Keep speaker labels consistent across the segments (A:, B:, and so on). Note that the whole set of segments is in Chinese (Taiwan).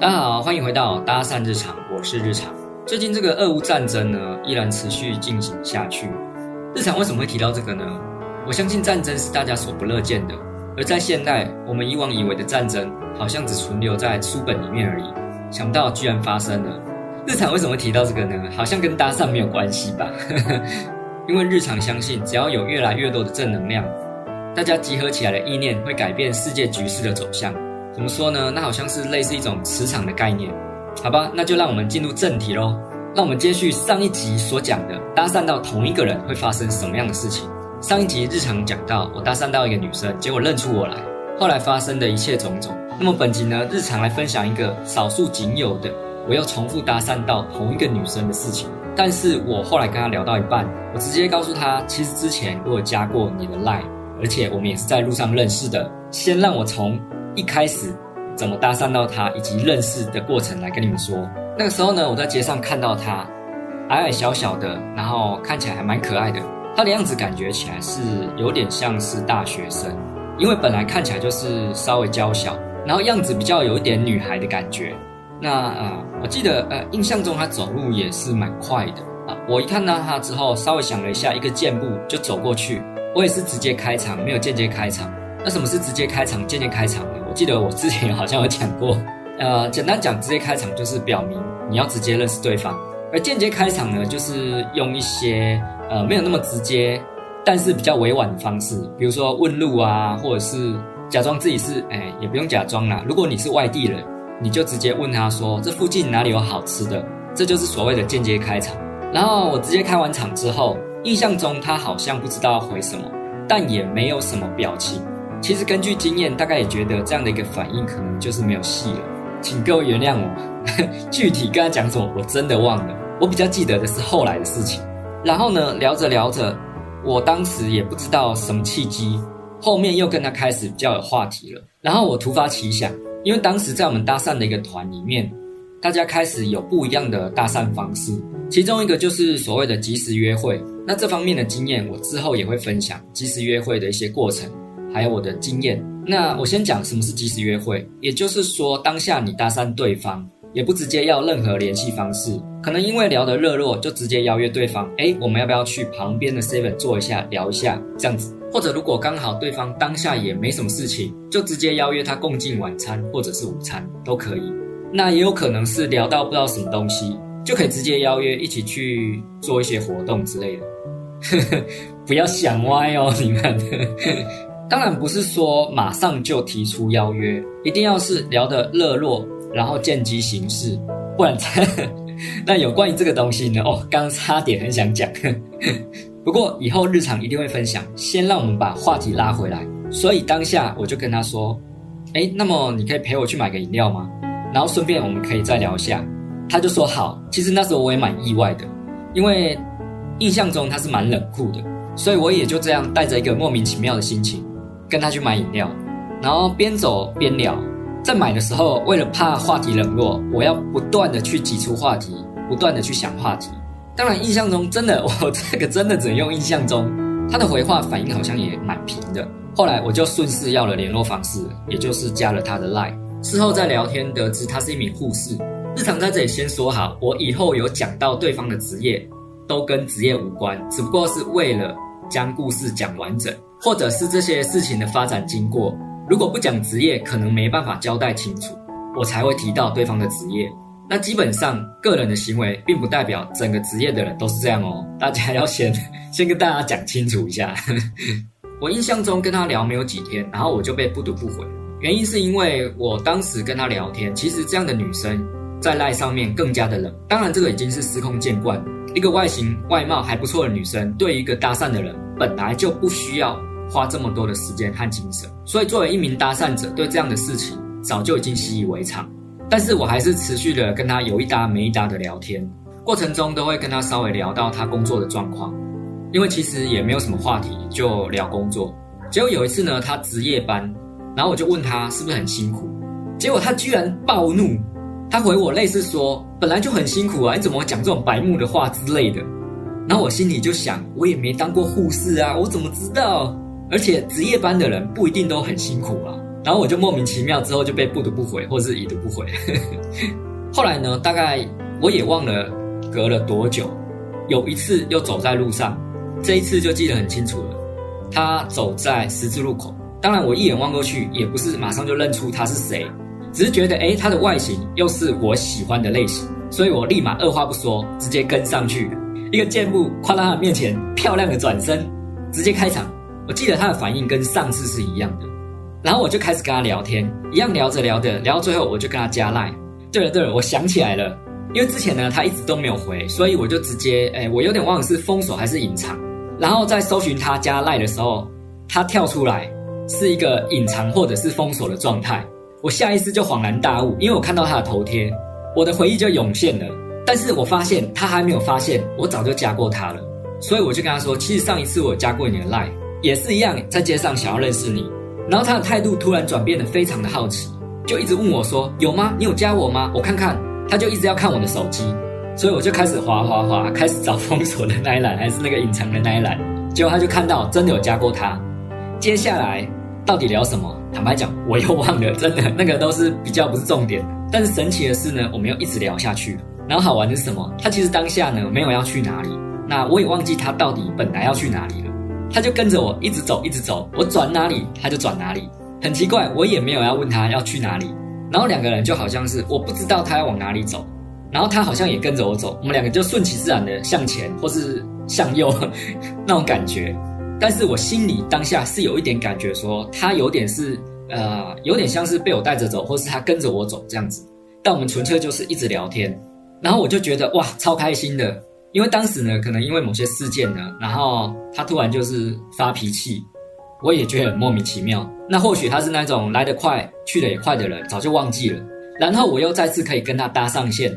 A: 大家好，歡迎回到搭訕日常，我是日常。最近這個俄烏戰爭呢，依然持續進行下去。日常為什麼會提到這個呢？我相信戰爭是大家所不樂見的，而在現代，我們以往以為的戰爭，好像只存留在書本裡面而已，想不到居然發生了。日常為什麼提到這個呢？好像跟搭訕沒有關係吧？ 因為日常相信，只要有越來越多的正能量，大家集合起來的意念會改變世界局勢的走向。怎麼說呢？那好像是類似一種磁場的概念。好吧，那就讓我們進入正題嘍。讓我們接續上一集所講的，搭訕到同一個人會發生什麼樣的事情。上一集日常講到，我搭訕到一個女生，結果認出我來，後來發生的一切種種。那麼本集呢，日常來分享一個少數僅有的。我又重複搭訕到同一個女生的事情，但是我後來跟她聊到一半，我直接告訴她，其實之前我有加過你的 line，而且我們也是在路上認識的。先讓我從一開始怎麼搭訕到她，以及認識的過程來跟你們說。那個時候呢，我在街上看到她，矮矮小小的，然後看起來還蠻可愛的。她的樣子感覺起來是有點像是大學生，因為本來看起來就是稍微嬌小，然後樣子比較有一點女孩的感覺。那啊、呃，我記得呃，印象中他走路也是蠻快的啊、呃。我一看到他之後，稍微想了一下，一個箭步就走過去。我也是直接開場，沒有間接開場。那什麼是直接開場、間接開場呢？我記得我之前也好像有講過。呃，簡單講，直接開場就是表明你要直接認識對方，而間接開場呢，就是用一些呃沒有那麼直接，但是比較委婉的方式，比如說問路啊，或者是假裝自己是哎、欸，也不用假裝啦，如果你是外地人。你就直接問他說：“這附近哪裡有好吃的？”這就是所謂的間接開場。然後我直接開完場之後，印象中他好像不知道回什麼，但也沒有什麼表情。其實根據經驗，大概也覺得這樣的一個反應可能就是沒有戲了。請各位原諒我， 具體跟他講什麼我真的忘了。我比較記得的是後來的事情。然後呢，聊着聊着，我當時也不知道什麼契機，後面又跟他開始比較有話題了。然後我突發奇想。因為當時在我們搭訕的一個團裡面，大家開始有不一樣的搭訕方式，其中一個就是所謂的即時約會。那這方面的經驗，我之後也會分享即時約會的一些過程，還有我的經驗。那我先講什麼是即時約會，也就是說，當下你搭訕對方。也不直接要任何聯繫方式，可能因為聊得熱絡，就直接邀約對方。哎、欸，我們要不要去旁邊的 seven 坐一下聊一下？這樣子，或者如果剛好對方當下也沒什麼事情，就直接邀約他共進晚餐或者是午餐都可以。那也有可能是聊到不知道什麼東西，就可以直接邀約一起去做一些活動之類的。 不要想歪哦，你們。 當然不是說馬上就提出邀約，一定要是聊得熱絡。然後見機行事，不然呵呵那有關於這個東西呢？哦，剛剛差點很想講，呵呵，不過以後日常一定會分享。先讓我們把話題拉回來，所以當下我就跟他說：“哎，那麼你可以陪我去買個飲料嗎？然後順便我們可以再聊一下。”他就說：“好。”其實那時候我也蠻意外的，因為印象中他是蠻冷酷的，所以我也就這樣帶着一個莫名其妙的心情跟他去買飲料，然後邊走邊聊。在買的時候，為了怕話題冷落，我要不斷的去擠出話題，不斷的去想話題。當然，印象中真的，我這個真的只能用印象中，他的回話反應好像也蠻平的。後來我就順勢要了聯絡方式，也就是加了他的 Line。事後在聊天得知，他是一名護士。日常在這裡先說好，我以後有講到對方的職業，都跟職業無關，只不過是為了將故事講完整，或者是這些事情的發展經過。如果不講職業，可能沒辦法交代清楚，我才會提到對方的職業。那基本上，個人的行為並不代表整個職業的人都是這樣哦。大家要先先跟大家講清楚一下。 我印象中跟他聊沒有幾天，然後我就被不讀不回，原因是因為我當時跟他聊天，其實這樣的女生在賴上面更加的冷。當然，這個已經是司空見慣，一個外形外貌還不錯的女生，對於一個搭訕的人本來就不需要。花這麼多的時間和精神，所以作為一名搭訕者，對這樣的事情早就已經習以為常。但是我還是持續的跟他有一搭沒一搭的聊天，過程中都會跟他稍微聊到他工作的狀況，因為其實也沒有什麼話題，就聊工作。結果有一次呢，他值夜班，然後我就問他是不是很辛苦，結果他居然暴怒，他回我類似說本來就很辛苦啊，你怎麼會講這種白目的話之類的？然後我心裡就想，我也沒當過護士啊，我怎麼知道？而且值夜班的人不一定都很辛苦啊。然後我就莫名其妙之後就被不讀不回，或是已讀不回。 後來呢，大概我也忘了隔了多久，有一次又走在路上，這一次就記得很清楚了。他走在十字路口，當然我一眼望過去也不是馬上就認出他是誰，只是覺得誒他的外形又是我喜歡的類型，所以我立馬二話不說，直接跟上去，一個箭步跨到他面前，漂亮的轉身，直接開場。我記得他的反應跟上次是一樣的，然後我就開始跟他聊天，一樣聊着聊着，聊到最後我就跟他加賴。對了對了，我想起來了，因為之前呢，他一直都沒有回，所以我就直接，哎，我有點忘了是封鎖還是隱藏，然後在搜尋他加賴的時候，他跳出來是一個隱藏或者是封鎖的狀態，我下意識就恍然大悟，因為我看到他的頭貼，我的回憶就湧現了。但是我發現他還沒有發現，我早就加過他了，所以我就跟他說，其實上一次我有加過你的賴。也是一樣，在街上想要認識你，然後他的態度突然轉變得非常的好奇，就一直問我說：“有嗎？你有加我嗎？我看看。”他就一直要看我的手機，所以我就開始滑滑滑，開始找封鎖的那一欄，還是那個隱藏的那一欄。結果他就看到真的有加過他。接下來到底聊什麼？坦白講，我又忘了，真的那個都是比較不是重點。但是神奇的是呢，我們又一直聊下去。然後好玩的是什麼？他其實當下呢沒有要去哪裡，那我也忘記他到底本來要去哪裡了。他就跟着我一直走，一直走，我轉哪裡他就轉哪裡，很奇怪，我也沒有要問他要去哪裡，然後兩個人就好像是我不知道他要往哪裡走，然後他好像也跟着我走，我們兩個就順其自然的向前或是向右那種感覺，但是我心裡當下是有一點感覺說，他有點是呃有點像是被我帶着走，或是他跟着我走這樣子，但我們純粹就是一直聊天，然後我就覺得哇超開心的。因為當時呢，可能因為某些事件呢，然後他突然就是發脾氣，我也覺得很莫名其妙。那或許他是那種來得快去得也快的人，早就忘記了。然後我又再次可以跟他搭上線，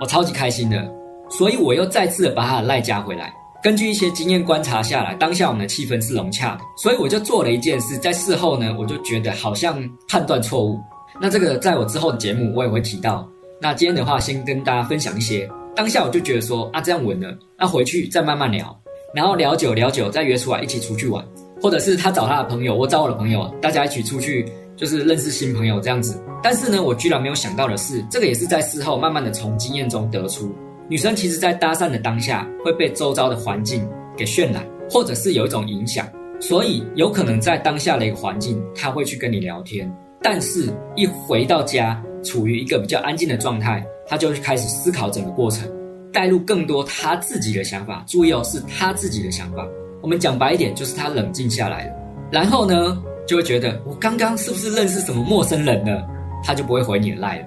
A: 我超級開心的，所以我又再次的把他的賴加回來。根據一些經驗觀察下來，當下我們的氣氛是融洽的，所以我就做了一件事。在事後呢，我就覺得好像判斷錯誤。那這個在我之後的節目我也會提到。那今天的話，先跟大家分享一些。當下我就覺得說啊，這樣穩了，那、啊、回去再慢慢聊，然後聊久聊久再約出來一起出去玩，或者是他找他的朋友，我找我的朋友，大家一起出去就是認識新朋友這樣子。但是呢，我居然沒有想到的是，這個也是在事後慢慢的從經驗中得出，女生其實在搭訕的當下會被周遭的環境給渲染，或者是有一種影響，所以有可能在當下的一個環境，她會去跟你聊天，但是一回到家，處於一個比較安靜的狀態。他就會開始思考整個過程，帶入更多他自己的想法。注意哦，是他自己的想法。我們講白一點，就是他冷靜下來了。然後呢，就會覺得我剛剛是不是認識什麼陌生人呢？他就不會回你的賴了。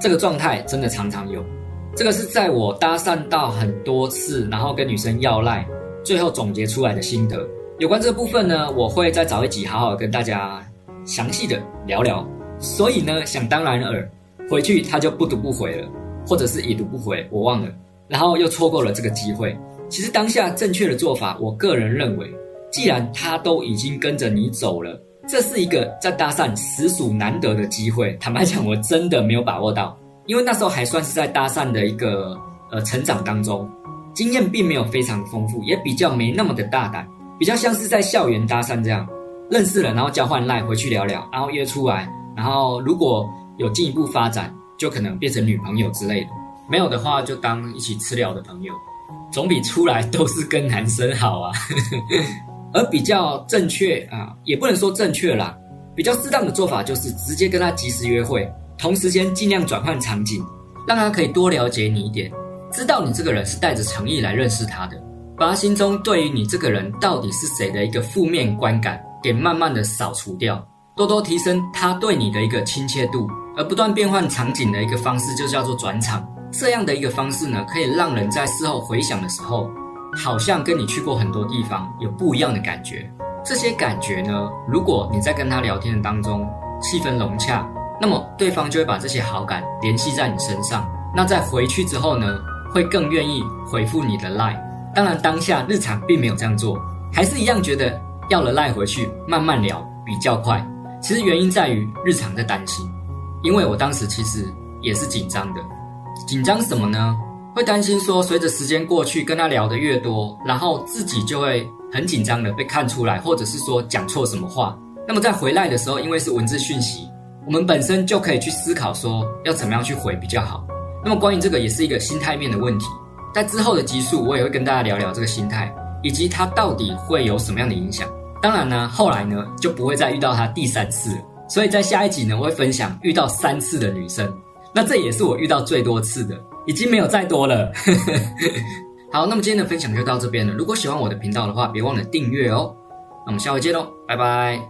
A: 這個狀態真的常常有。這個是在我搭訕到很多次，然後跟女生要賴，最後總結出來的心得。有關這個部分呢，我會再找一集好好跟大家詳細的聊聊。所以呢，想當然耳。回去他就不讀不回了，或者是已讀不回，我忘了。然後又錯過了這個機會。其實當下正確的做法，我個人認為，既然他都已經跟着你走了，這是一個在搭訕實屬難得的機會。坦白講，我真的沒有把握到，因為那時候還算是在搭訕的一個呃成長當中，經驗並沒有非常豐富，也比較沒那麼的大膽，比較像是在校園搭訕這樣，認識了然後交換賴回去聊聊，然後約出來，然後如果。有進一步發展，就可能變成女朋友之類的；沒有的話，就當一起吃聊的朋友，總比出來都是跟男生好啊。 而比較正確啊，也不能說正確啦，比較適當的做法就是直接跟他即時約會，同時先盡量轉換場景，讓他可以多了解你一點，知道你這個人是帶着誠意來認識他的，把他心中對於你這個人到底是誰的一個負面觀感給慢慢的掃除掉，多多提升他對你的一個親切度。而不斷變換場景的一個方式，就叫做轉場。這樣的一個方式呢，可以讓人在事後回想的時候，好像跟你去過很多地方，有不一樣的感覺。這些感覺呢，如果你在跟他聊天的當中氣氛融洽，那麼對方就會把這些好感聯繫在你身上。那在回去之後呢，會更願意回覆你的賴。當然，當下日常並沒有這樣做，還是一樣覺得要了賴回去慢慢聊比較快。其實原因在於日常在擔心。因為我當時其實也是緊張的，緊張什麼呢？會擔心說，隨着時間過去，跟他聊得越多，然後自己就會很緊張的被看出來，或者是說講錯什麼話。那麼在回來的時候，因為是文字訊息，我們本身就可以去思考說要怎麼樣去回比較好。那麼關於這個也是一個心態面的問題，在之後的集數我也會跟大家聊聊這個心態，以及它到底會有什麼樣的影響。當然呢，後來呢就不會再遇到他第三次了。所以在下一集呢，我會分享遇到三次的女生，那這也是我遇到最多次的，已經沒有再多了。 好，那麼今天的分享就到這邊了。如果喜歡我的頻道的話，別忘了訂閱哦。那我們下回見嘍，拜拜。